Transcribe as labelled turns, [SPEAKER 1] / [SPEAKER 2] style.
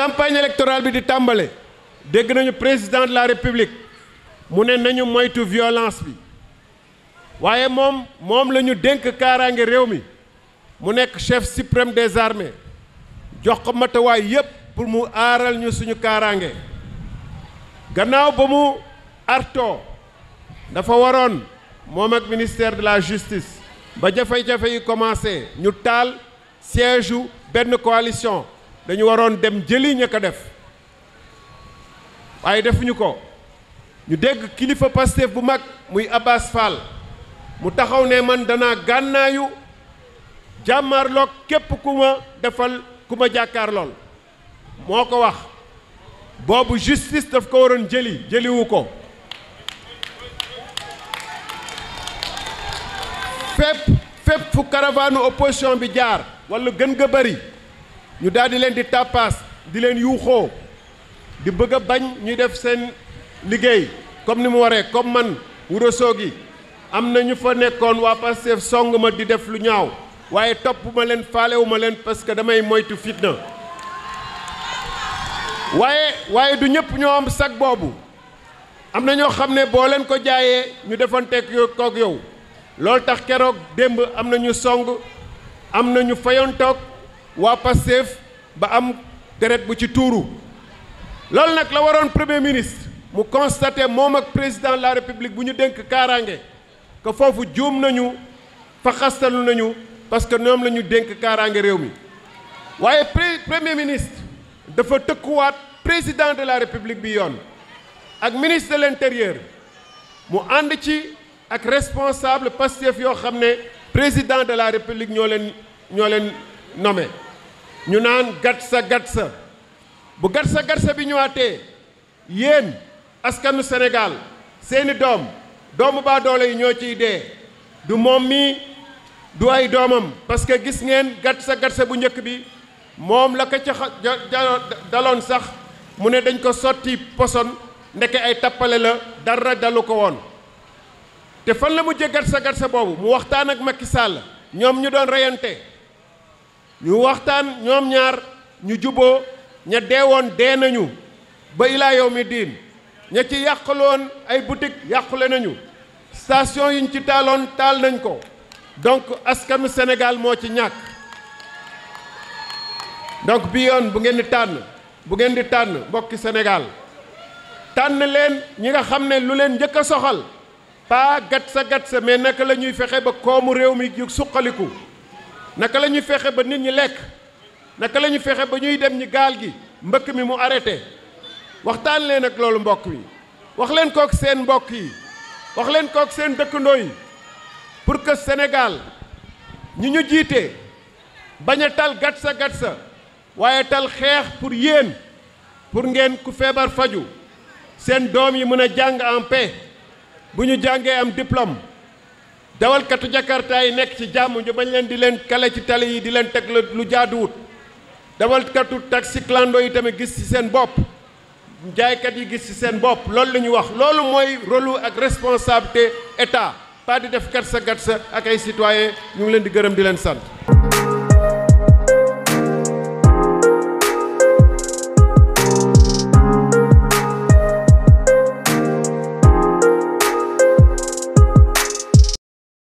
[SPEAKER 1] campagne électorale bi di tàmbale dégg nañu président de la république mu ne nañu moytu violence bi waaye moom moom la ñu dénk kaaraange réew mi mu nekk chef suprême des armées jox ko matawaay yépp pour mu aaral ñu suñu kaaraange gannaaw ba mu artoo dafa waroon moom ak ministère de la justice ba jafe-jafe yi commencé ñu taal siège u benn coalition dañu waroon dem jëli ña ko def waaye defuñu ko ñu dégg kilifa Pastef bu mag muy Abbas Fall mu taxaw ne man dana gànnaayu jàmmaarloog képp ku ma defal ku ma jàkkaar lool moo ko wax boobu justice daf ko waroon jëli jëliwu ko fépp fépp fu caravane opposition bi jaar walla gën nga bari ñu daal di leen di tàppaas di leen yuuxoo di bëgg a bañ ñuy def seen liggéey comme ni mu waree comme man Wuro Sogi am na ñu fa nekkoon waa Pastef song ma di def lu ñaaw waaye topp leen faalewu ma leen parce que damay moytu fitna waaye waaye du ñëpp ñoo am sag boobu am na ñoo xam ne boo leen ko jaayee ñu defanteeg yo koog yow loolu tax keroog démb am na ñu song am na ñu fayontoog waa Pastef ba am deret bu ci tuuru loolu nag la waroon premier ministre mu constaté moom ak président la république bu ñu dénk kaaraange que foofu juum nañu fa xastalu nañu parce que ñoom la ñu dénk kaaraange réew mi waaye premier ministre dafa tëkkuwaat président de la répiblique bi yoon ak ministre de l'intérieur mu ànd ci ak responsable Pastef yoo xam ne président de la république ñoo leen ñoo leen nome ñu naan Gatsa Gatsa bu Gatsa Gatsa bi ñëwaatee yéen askanu Sénégal seeni doom doomu baa doole yi ñoo ciy dee du moom mi du ay doomam parce que gis ngeen Gatsa Gatsa bu njëkk bi moom la ko ca daloon sax mu ne dañ ko sotti poson ndeke ay tappale la dara dalu ko woon te fan la mujjee Gatsa Gatsa boobu mu waxtaan ak Macky sàll ñoom ñu doon reyante ñu waxtaan ñoom ñaar ñu juboo ña deewoon dee nañu ba ilaa yow mi diin ña ci yàqaloon ay boutique yàqule nañu station yi ñu ci taaloon taal nañ ko donc askanu Sénégal moo ci ñàkk donc bi yoon bu ngeen di tànn bu ngeen di tànn mbokki Sénégal tànn leen ñi nga xam ne lu leen njëkk a soxal pas gat sa gat sa mais naka lañuy fexe ba koomu réew mi ju suqaliku naka la ñuy fexe ba nit ñi lekk naka lañuy fexe ba ñuy dem ñi gaal gi mbëkk mi mu arrêté waxtaan leen ak loolu mbokk mi wax leen kook seen mbokk yi wax leen kook seen dëkkandoo yi pour que senegaal ñi ñu jiite bañ a tal gatsa gatsa waaye tal xeex pour yéen pour ngeen ku feebar faju seen doom yi mën a jàng en paix bu ñu jàngee am diplôme dawalkatu jakarta yi nekk ci jàmm ñu bañ leen di leen kale ci tali yi di leen teg lu jaaduwut dawalkatu taxi clando yi tamit gis ci seen bopp jaaykat yi gis ci seen bopp loolu la ñu wax loolu mooy rôle ak responsabilité état pas di def gat sa gat sa ak ay citoyen ñu ngi leen di gërëm di leen sant